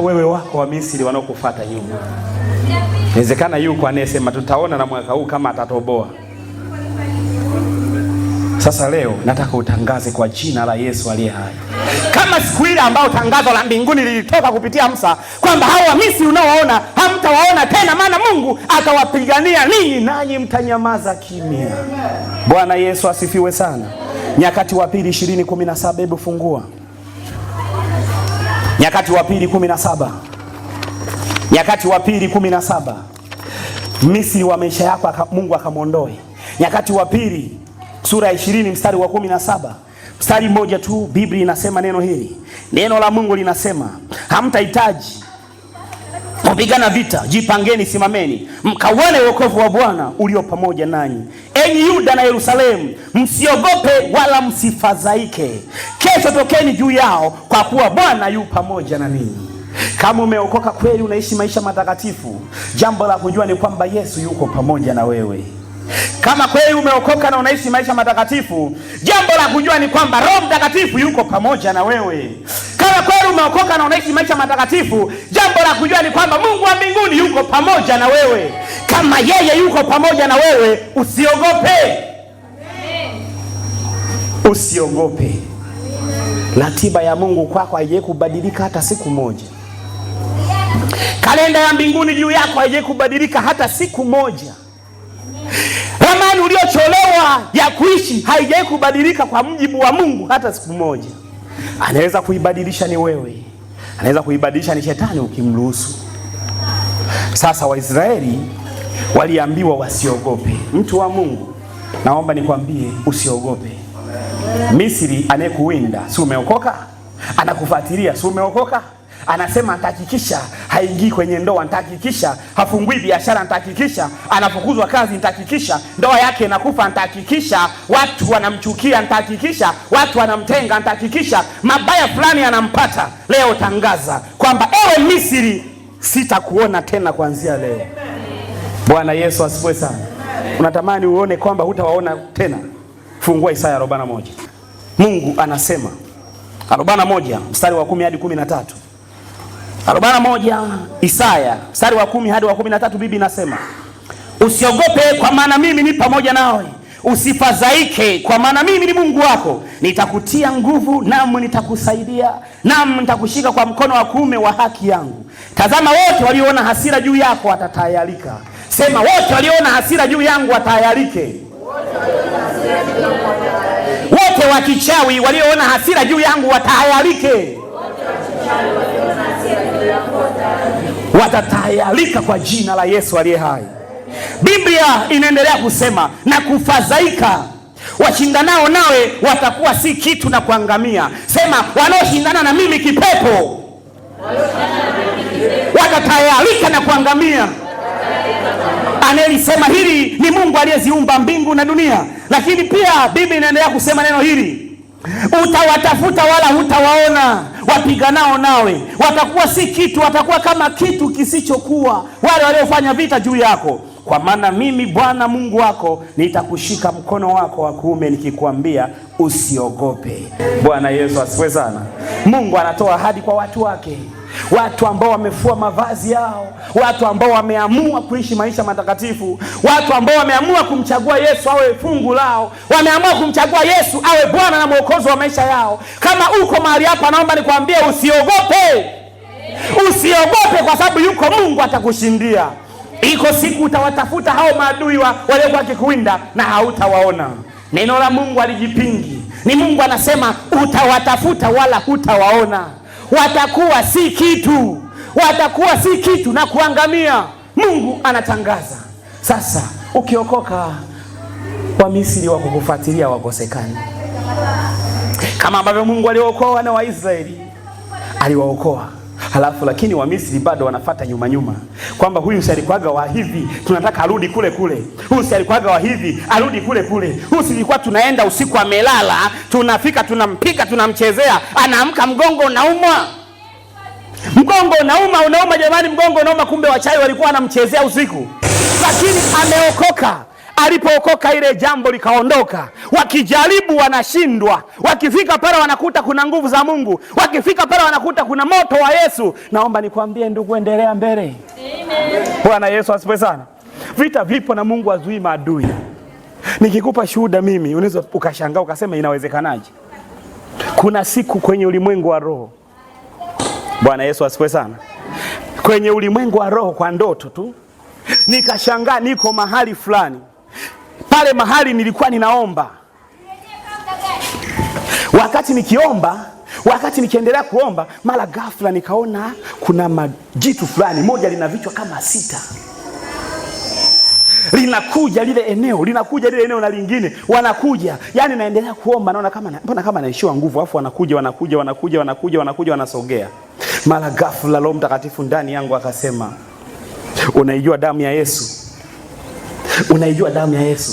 wewe wako wa Misri wanaokufuata nyuma. Inawezekana yuko anayesema tutaona na mwaka huu kama atatoboa. Sasa leo nataka utangaze kwa jina la Yesu aliye hai, kama siku ile ambayo tangazo la mbinguni lilitoka kupitia Musa kwamba hao Wamisri unaowaona hamtawaona tena, maana Mungu atawapigania ninyi, nanyi mtanyamaza kimya. Bwana Yesu asifiwe sana. Nyakati wa pili ishirini kumi na saba, hebu fungua Nyakati wa pili saba Nyakati wa pili saba Misri wa maisha yako Mungu akamwondoe. Nyakati wa pili sura ya 20 mstari wa saba Mstari mmoja tu Biblia inasema neno hili. Neno la Mungu linasema, hamtahitaji kupigana vita, jipangeni, simameni mkaone wokovu wa Bwana ulio pamoja nanyi enyi Yuda na Yerusalemu, msiogope wala msifadhaike. Kesho tokeni juu yao, kwa kuwa Bwana yu pamoja na ninyi. Kama umeokoka kweli, unaishi maisha matakatifu, jambo la kujua ni kwamba Yesu yuko pamoja na wewe. Kama kweli umeokoka na unaishi maisha matakatifu, jambo la kujua ni kwamba Roho Mtakatifu yuko pamoja na wewe. Kama kweli umeokoka na unaishi maisha matakatifu, jambo la kujua ni kwamba Mungu wa mbinguni yuko pamoja na wewe kama yeye yuko pamoja na wewe, usiogope, usiogope. Ratiba ya Mungu kwako haijai kubadilika hata siku moja. Kalenda ya mbinguni juu yako haijai kubadilika hata siku moja. Ramani uliocholewa ya kuishi haijai kubadilika kwa mjibu wa Mungu hata siku moja. Anaweza kuibadilisha ni wewe, anaweza kuibadilisha ni shetani ukimruhusu. Sasa Waisraeli waliambiwa wasiogope. Mtu wa Mungu, naomba nikwambie usiogope. Misri anayekuwinda si umeokoka, anakufuatilia si umeokoka, anasema nitahakikisha haingii kwenye ndoa, nitahakikisha hafungui biashara, nitahakikisha anafukuzwa kazi, nitahakikisha ndoa yake inakufa, nitahakikisha watu wanamchukia, nitahakikisha watu wanamtenga, nitahakikisha mabaya fulani anampata. Leo tangaza kwamba ewe Misri, sitakuona tena kuanzia leo. Bwana Yesu asifiwe sana. Unatamani uone kwamba hutawaona tena? Fungua Isaya 41. Mungu anasema 41 mstari wa 10 hadi 13. 41 Isaya mstari wa 10 hadi wa 13, bibi nasema, usiogope kwa maana mimi ni pamoja nawe, usifadhaike kwa maana mimi ni Mungu wako, nitakutia nguvu, nam nitakusaidia, nam nitakushika kwa mkono wa kuume wa haki yangu. Tazama, wote walioona hasira juu yako watatayarika Sema wote waliona hasira juu yangu watayarike, wote wakichawi walioona hasira juu yangu watayarike, watatayarika kwa jina la Yesu aliye hai. Biblia inaendelea kusema na kufadhaika washindanao nawe watakuwa si kitu na kuangamia. Sema wanaoshindana na mimi kipepo watatayarika na kuangamia. Anayelisema hili ni Mungu aliyeziumba mbingu na dunia. Lakini pia Biblia inaendelea kusema neno hili, utawatafuta wala hutawaona, wapiganao nawe watakuwa si kitu, watakuwa kama kitu kisichokuwa, wale waliofanya vita juu yako. Kwa maana mimi Bwana Mungu wako nitakushika mkono wako wa kuume, nikikwambia usiogope. Bwana Yesu asifiwe sana. Mungu anatoa ahadi kwa watu wake watu ambao wamefua mavazi yao, watu ambao wameamua kuishi maisha matakatifu, watu ambao wameamua kumchagua Yesu awe fungu lao, wameamua kumchagua Yesu awe Bwana na Mwokozi wa maisha yao. Kama uko mahali hapa, naomba nikwambie usiogope, usiogope kwa sababu yuko Mungu atakushindia. Iko siku utawatafuta hao maadui wa waliokuwa wakikuwinda na hautawaona. Neno la Mungu alijipingi ni Mungu anasema utawatafuta wala hutawaona watakuwa si kitu, watakuwa si kitu na kuangamia. Mungu anatangaza sasa, ukiokoka Misri wa kukufuatilia wakosekani, kama ambavyo Mungu aliokoa wana wa Israeli, aliwaokoa Halafu lakini Wamisri bado wanafata nyuma nyuma, kwamba huyu si alikwaga wa hivi, tunataka arudi kule kule, huyu si alikwaga wa hivi, arudi kule kule, huyu si tunaenda usiku amelala, tunafika tunampika tunamchezea, anaamka mgongo unauma, mgongo unauma, unauma jamani, mgongo unauma. Kumbe wachawi walikuwa wanamchezea usiku, lakini ameokoka. Alipookoka ile jambo likaondoka. Wakijaribu wanashindwa, wakifika pale wanakuta kuna nguvu za Mungu, wakifika pale wanakuta kuna moto wa Yesu. Naomba nikwambie ndugu, endelea mbele. Bwana Yesu asifiwe sana. Vita vipo na Mungu azuii maadui. Nikikupa shuhuda mimi, unaweza ukashangaa ukasema inawezekanaje? Kuna siku kwenye ulimwengu wa roho, Bwana Yesu asifiwe sana, kwenye ulimwengu wa roho kwa ndoto tu nikashangaa niko mahali fulani pale mahali nilikuwa ninaomba. Wakati nikiomba, wakati nikiendelea kuomba, mara ghafla nikaona kuna majitu fulani, moja lina vichwa kama sita linakuja lile eneo linakuja lile eneo na lingine wanakuja, yani naendelea kuomba, naona kama mbona kama naishiwa nguvu, afu wanakuja wanakuja wanakuja wanakuja wanakuja wanasogea. Mara ghafla Roho Mtakatifu ndani yangu akasema, unaijua damu ya Yesu Unaijua damu ya Yesu.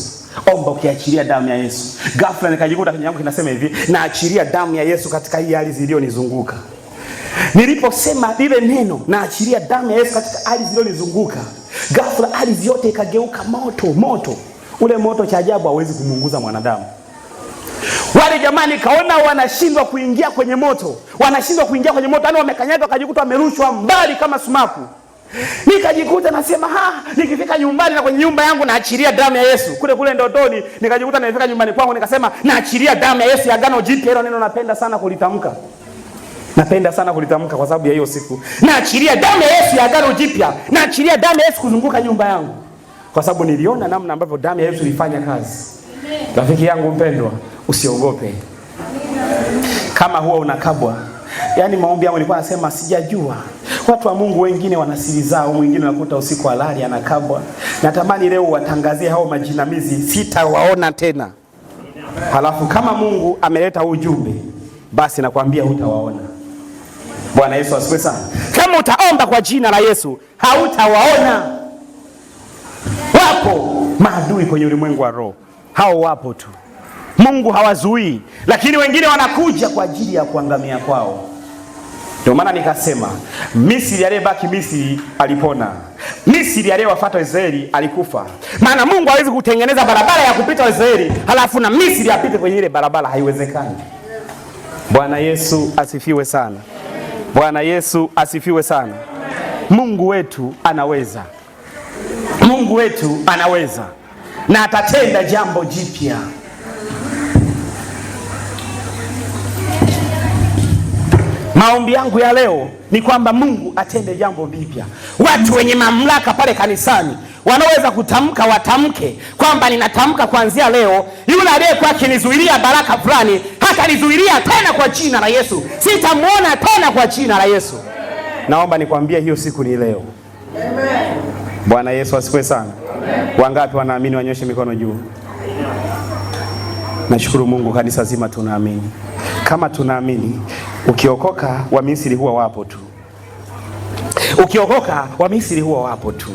Omba ukiachilia damu ya Yesu. Ghafla nikajikuta kinyango kinasema hivi, naachilia damu ya Yesu katika hii hali iliyonizunguka. Niliposema lile neno, naachilia damu ya Yesu katika hali iliyonizunguka. Ghafla hali yote ikageuka moto, moto. Ule moto cha ajabu hauwezi kumunguza mwanadamu. Wale jamani, kaona wanashindwa kuingia kwenye moto, wanashindwa kuingia kwenye moto, yani wamekanyaga, wakajikuta wamerushwa mbali kama sumaku. Nikajikuta nasema ha, nikifika nyumbani na kwenye nyumba yangu naachilia damu ya Yesu. Kule kule ndotoni nikajikuta nimefika nyumbani kwangu nikasema naachilia damu ya Yesu ya agano jipya. Hilo neno napenda sana kulitamka. Napenda sana kulitamka kwa sababu ya hiyo siku. Naachilia damu ya Yesu ya agano jipya. Naachilia damu ya Yesu kuzunguka nyumba yangu. Kwa sababu niliona namna ambavyo damu ya Yesu ilifanya kazi. Rafiki yangu mpendwa, usiogope. Kama huwa unakabwa. Yaani maombi yangu nilikuwa nasema sijajua Watu wa Mungu wengine wana siri zao, mwingine unakuta usiku alali anakabwa. Natamani leo watangazie hao majinamizi, sitawaona tena. Halafu kama Mungu ameleta ujumbe, basi nakwambia utawaona Bwana Yesu asifiwe sana. Kama utaomba kwa jina la Yesu, hautawaona. Wapo maadui kwenye ulimwengu wa roho, hao wapo tu, Mungu hawazuii, lakini wengine wanakuja kwa ajili ya kuangamia kwao. Ndio maana nikasema Misri aliyebaki Misri alipona. Misri aliyewafuata Israeli alikufa. Maana Mungu hawezi kutengeneza barabara ya kupita Israeli halafu na Misri apite kwenye ile barabara, haiwezekani. Bwana Yesu asifiwe sana. Bwana Yesu asifiwe sana. Mungu wetu anaweza. Mungu wetu anaweza na atatenda jambo jipya. Maombi yangu ya leo ni kwamba Mungu atende jambo jipya. Watu wenye mamlaka pale kanisani wanaweza kutamka, watamke kwamba ninatamka kuanzia leo, yule aliyekuwa akinizuilia baraka fulani hata nizuilia tena kwa jina la Yesu, sitamwona tena kwa jina la Yesu. Naomba nikwambie hiyo siku ni leo. Amen. Bwana Yesu asifiwe sana. Wangapi wanaamini wanyoshe mikono juu? Nashukuru Mungu, kanisa zima tunaamini. Kama tunaamini, Ukiokoka Wamisri huwa wapo tu, ukiokoka Wamisri huwa wapo tu.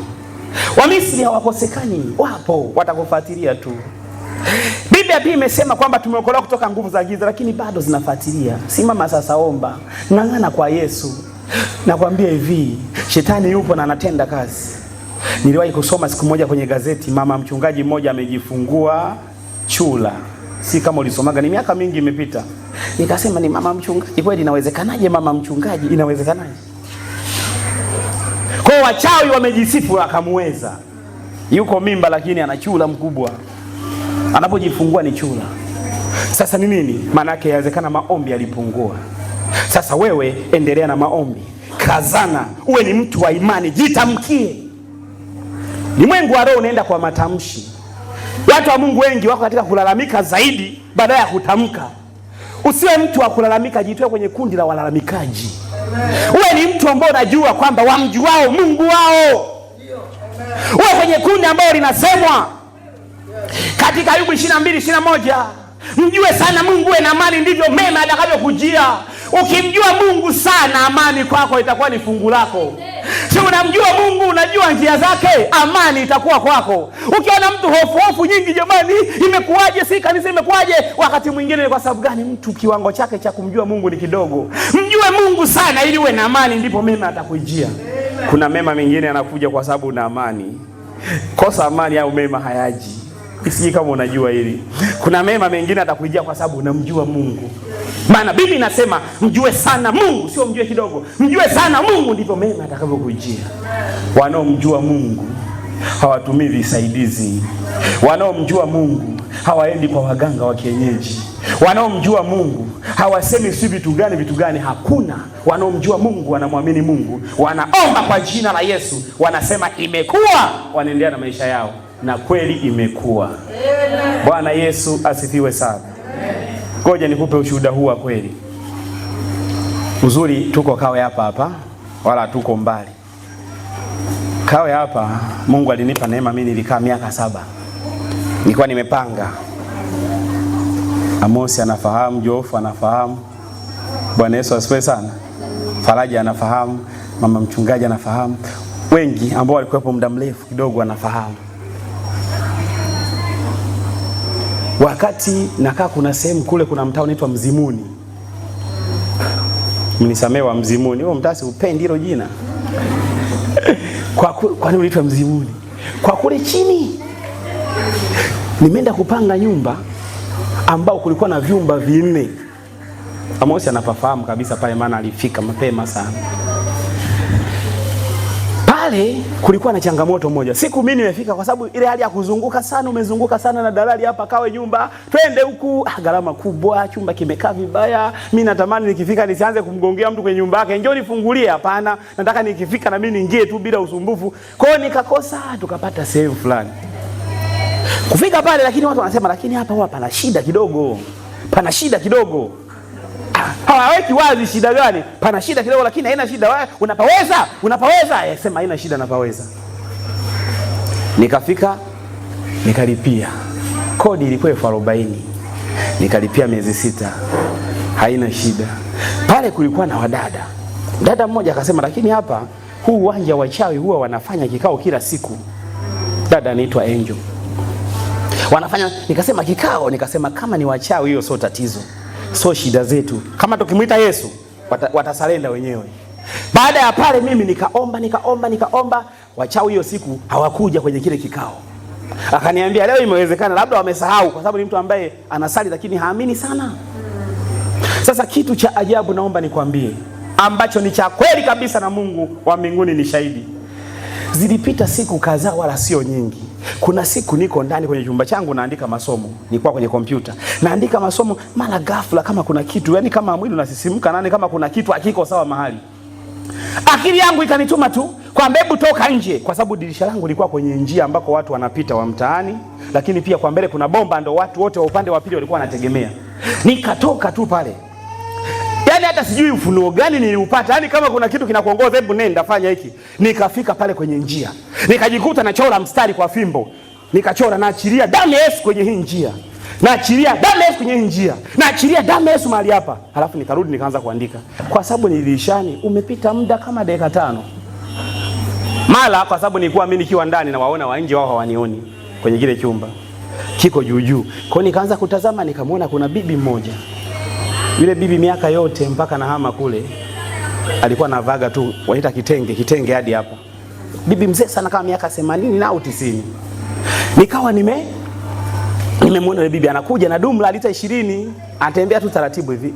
Wamisri hawakosekani, wapo, watakufuatilia tu. Biblia pia imesema kwamba tumeokolewa kutoka nguvu za giza, lakini bado zinafuatilia. Simama sasa, omba, ng'ang'ana kwa Yesu. Nakwambia hivi, shetani yupo na anatenda kazi. Niliwahi kusoma siku moja kwenye gazeti, mama mchungaji mmoja amejifungua chula si kama ulisomaga, ni miaka mingi imepita. Nikasema ni mama mchungaji kweli, inawezekanaje? Mama mchungaji inawezekanaje? Kwa wachawi wamejisifu, akamweza yuko mimba, lakini ana chula mkubwa, anapojifungua ni chula. Sasa ni nini maana yake? Yawezekana maombi yalipungua. Sasa wewe endelea na maombi, kazana, uwe ni mtu wa imani, jitamkie. Limwengu wa roho unaenda kwa matamshi Watu wa Mungu wengi wako katika kulalamika zaidi badala ya kutamka. Usiwe mtu wa kulalamika, jitoe kwenye kundi la walalamikaji. Uwe ni mtu ambao unajua kwamba wamji wao Mungu wao. Uwe kwenye kundi ambalo linasemwa katika Ayubu 22:21 mjue sana Mungu, uwe na mali, ndivyo mema atakavyokujia. Ukimjua Mungu sana, amani kwako itakuwa ni fungu lako. Si unamjua Mungu, unajua njia zake, amani itakuwa kwako. Ukiona mtu hofu hofu nyingi, jamani, imekuwaje? Si kanisa imekuwaje? Wakati mwingine ni kwa sababu gani? Mtu kiwango chake cha kumjua Mungu ni kidogo. Mjue Mungu sana, ili uwe na amani, ndipo mema atakujia. Kuna mema mengine yanakuja kwa sababu na amani. Kosa amani au mema hayaji. Sijui kama unajua hili. Kuna mema mengine atakujia kwa sababu unamjua Mungu. Maana Biblia inasema mjue sana Mungu, sio mjue kidogo. Mjue sana Mungu ndivyo mema atakavyokujia. Wanaomjua Mungu hawatumii visaidizi. Wanaomjua Mungu hawaendi kwa waganga wa kienyeji. Wanaomjua Mungu hawasemi si vitu gani vitu gani, hakuna. Wanaomjua Mungu wanamwamini Mungu, wanaomba kwa jina la Yesu, wanasema imekuwa, wanaendelea na maisha yao na kweli imekuwa. Bwana Yesu asifiwe sana. Ngoja nikupe ushuhuda huu wa kweli. Uzuri tuko Kawe hapa hapa, wala tuko mbali. Kawe hapa Mungu alinipa neema, mimi nilikaa miaka saba, nilikuwa nimepanga. Amosi anafahamu, Jofu anafahamu, Bwana Yesu asifiwe sana. Faraja anafahamu, mama mchungaji anafahamu, wengi ambao walikuwepo muda mrefu kidogo anafahamu. Wakati nakaa kuna sehemu kule kuna mtaa unaitwa Mzimuni, mnisamee wa Mzimuni, huo mtaa siupendi hilo jina kwa kwani unaitwa Mzimuni? Kwa kule chini nimeenda kupanga nyumba ambao kulikuwa na vyumba vinne. Amosi anapafahamu kabisa pale, maana alifika mapema sana pale kulikuwa na changamoto moja. Siku mimi nimefika, kwa sababu ile hali ya kuzunguka sana, umezunguka sana na dalali hapa, kawe nyumba, twende huku, ah, gharama kubwa, chumba kimekaa vibaya. Mimi natamani nikifika nisianze kumgongea mtu kwenye nyumba yake, njoo nifungulie. Hapana, nataka nikifika na mimi niingie tu bila usumbufu. Kwa hiyo nikakosa, tukapata sehemu fulani kufika pale, lakini watu wanasema, lakini hapa huwa pana shida kidogo, pana shida kidogo hawaweki wazi shida gani. Pana shida kidogo, lakini haina shida, unapaweza, unapaweza. E, eh, sema haina shida, napaweza. Nikafika nikalipia kodi, ilikuwa elfu arobaini nikalipia miezi sita, haina shida. Pale kulikuwa na wadada, dada mmoja akasema, lakini hapa huu uwanja wachawi huwa wanafanya kikao kila siku. Dada anaitwa Angel wanafanya nikasema kikao, nikasema kama ni wachawi hiyo sio tatizo so shida zetu. Kama tukimwita Yesu watasalenda wenyewe. Baada ya pale, mimi nikaomba nikaomba nikaomba. Wachawi hiyo siku hawakuja kwenye kile kikao, akaniambia leo imewezekana labda wamesahau, kwa sababu ni mtu ambaye anasali lakini haamini sana. Sasa kitu cha ajabu, naomba nikwambie, ambacho ni cha kweli kabisa na Mungu wa mbinguni ni shahidi Zilipita siku kadhaa, wala sio nyingi. Kuna siku niko ndani kwenye chumba changu naandika masomo, nilikuwa kwenye kompyuta naandika masomo, mara ghafla kama kuna kitu yani, kama mwili unasisimka nani, kama kuna kitu hakiko sawa mahali, akili yangu ikanituma tu kwamba hebu toka nje, kwa sababu dirisha langu lilikuwa kwenye njia ambako watu wanapita wa mtaani, lakini pia kwa mbele kuna bomba, ndo watu wote wa upande wa pili walikuwa wanategemea. Nikatoka tu pale yani hata sijui ufunuo gani niliupata. yani kama kuna kitu kinakuongoza, hebu nenda fanya hiki. Nikafika pale kwenye njia. Nikajikuta nachora mstari kwa fimbo. Nikachora naachilia damu ya Yesu kwenye hii njia. Naachilia damu ya Yesu kwenye hii njia. Naachilia damu ya Yesu mahali hapa. Halafu nikarudi nikaanza kuandika. Kwa sababu nilishani umepita muda kama dakika tano. mala, kwa sababu nilikuwa mimi nikiwa ndani na waona wa nje wao hawanioni kwenye kile chumba. Kiko juu juu. Kwa hiyo nikaanza kutazama nikamwona kuna bibi mmoja yule bibi miaka yote mpaka nahama kule alikuwa vaga tu wanaita kitenge, kitenge hadi hapa. Bibi mzee sana kama miaka 80 na 90. Nikawa nime nimemwona yule bibi anakuja na dumla alita 20, anatembea tu taratibu hivi.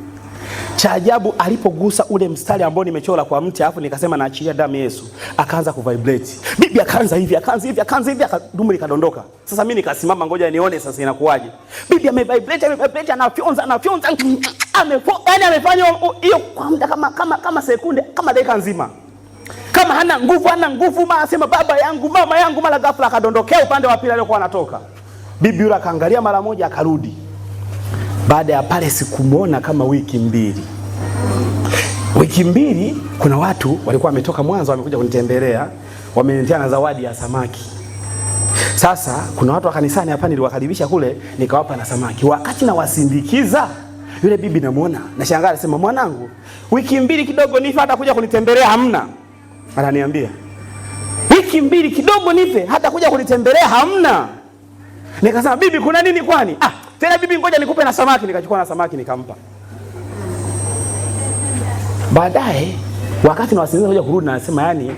Cha ajabu alipogusa ule mstari ambao nimechora kwa mti, alafu nikasema naachilia damu Yesu, akaanza kuvibrate bibi, akaanza hivi akaanza hivi akaanza hivi, dumu likadondoka. Sasa mimi nikasimama, ngoja nione sasa inakuwaje. Bibi amevibrate amevibrate, anafyonza anafyonza, amefo yani amefanya hiyo kwa muda kama kama kama sekunde kama dakika nzima, kama hana nguvu hana nguvu, mara sema baba yangu mama yangu, mara ghafla akadondokea upande wa pili aliyokuwa anatoka. Bibi yule akaangalia mara moja, akarudi baada ya pale sikumwona kama wiki mbili. Wiki mbili kuna watu walikuwa wametoka Mwanza wamekuja kunitembelea, wameniletea na zawadi ya samaki. Sasa kuna watu wa kanisani hapa niliwakaribisha kule, nikawapa na samaki. Wakati nawasindikiza yule bibi namuona, nashangaa anasema, mwanangu, wiki mbili kidogo nife hata kuja kunitembelea hamna. Ananiambia wiki mbili kidogo nife hata kuja kunitembelea hamna. Nikasema, bibi, kuna nini kwani? Ah, tena bibi, ngoja nikupe na samaki. Nikachukua na samaki nikampa. Baadaye wakati na wasinza kuja kurudi, na yani,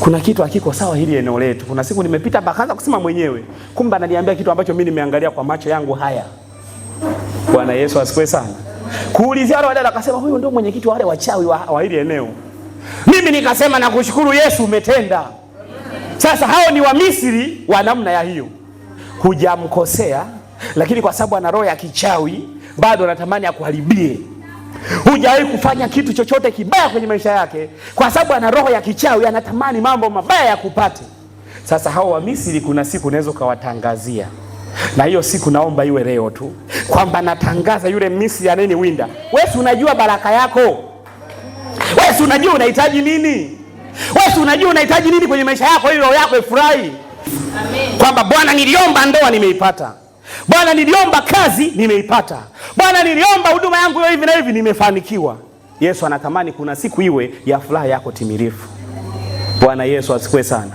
kuna kitu hakiko sawa hili eneo letu. Kuna siku nimepita bakaanza kusema mwenyewe, kumbe ananiambia kitu ambacho mimi nimeangalia kwa macho yangu haya. Bwana Yesu asifiwe sana. Kuulizia wale wadada, akasema huyu ndio mwenyekiti wa wale wachawi wa, wa hili eneo. Mimi nikasema nakushukuru Yesu, umetenda. Sasa hao ni Misri wa namna ya hiyo, hujamkosea lakini kwa sababu ana roho ya kichawi bado anatamani akuharibie. Hujawahi kufanya kitu chochote kibaya kwenye maisha yake, kwa sababu ana roho ya kichawi, anatamani mambo mabaya yakupate. Sasa hao wa Misri, kuna siku unaweza ukawatangazia, na hiyo siku naomba iwe leo tu, kwamba natangaza yule Misri anayeniwinda, wewe unajua baraka yako, wewe unajua unahitaji nini, wewe unajua unahitaji nini kwenye maisha yako, hiyo roho yako ifurahi, kwamba Bwana, niliomba ndoa nimeipata. Bwana, niliomba kazi nimeipata. Bwana, niliomba huduma yangu hiyo hivi na hivi nimefanikiwa. Yesu anatamani kuna siku iwe ya furaha yako timilifu. Bwana Yesu asikwe sana.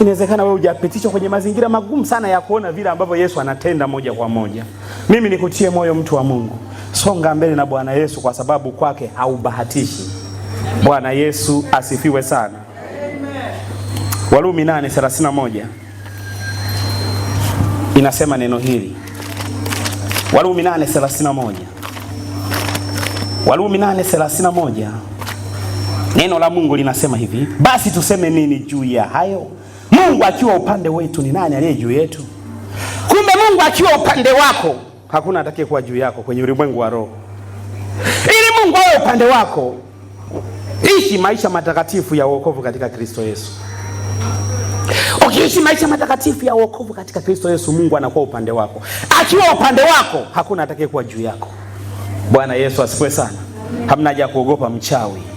Inawezekana wewe hujapitishwa kwenye mazingira magumu sana ya kuona vile ambavyo Yesu anatenda moja kwa moja. Mimi nikutie moyo, mtu wa Mungu, songa mbele na Bwana Yesu kwa sababu kwake haubahatishi. Bwana Yesu asifiwe sana. Warumi 8:31 inasema neno hili Warumi 8:31. Warumi 8:31. Neno la Mungu linasema hivi, basi tuseme nini juu ya hayo? Mungu akiwa upande wetu ni nani aliye juu yetu? Kumbe Mungu akiwa upande wako, hakuna atakaye kuwa juu yako kwenye ulimwengu wa roho. Ili Mungu awe upande wako, ishi maisha matakatifu ya wokovu katika Kristo Yesu. Ukiishi maisha matakatifu ya wokovu katika Kristo Yesu, Mungu anakuwa upande wako. Akiwa upande wako, hakuna atakayekuwa juu yako. Bwana Yesu asifiwe sana. Hamna haja ya kuogopa mchawi.